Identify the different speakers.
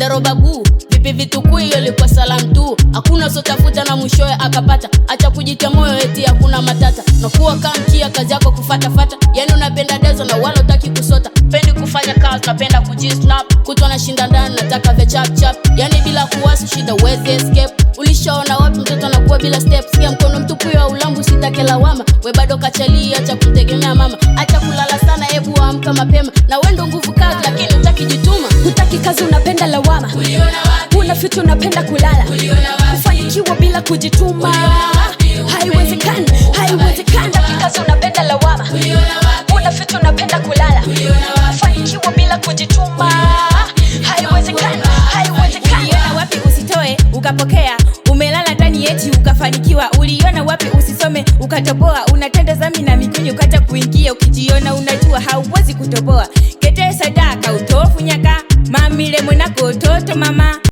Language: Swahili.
Speaker 1: ndarobagu vipi vitukuu, iyo ilikuwa salamu tu, hakuna sotafuta na mwishowe akapata. Acha kujitia moyo eti hakuna matata, nakuwa kaa mkia, kazi yako kufatafata, yani unapenda dezo na wala utaki kusota. Pendi kufanya kazi, napenda kujisnap, kutwa na shinda ndani, nataka vya chapchap, yani bila kuwasi shida uweze escape. Ulishaona wapi mtoto anakuwa bila steps? Sikia mkono mtupu wa ulambu, sitake lawama, we bado kachalia, acha kutegemea mama, acha kulala sana, hebu amka mapema na wendo nguvu kazi kazi unapenda lawama, una fitu unapenda kulala, kufanikiwa bila kujituma haiwezekani, haiwezekani. Kazi unapenda lawama, una fitu unapenda kulala, kufanikiwa bila kujituma haiwezekani, haiwezekani. Wapi usitoe ukapokea umelala ndani yeti ukafanikiwa, uliona wapi? Usisome ukatoboa, unatenda zami na mikunyu kata kuingia, ukijiona unajua hauwezi kutoboa kete mwana kototo mama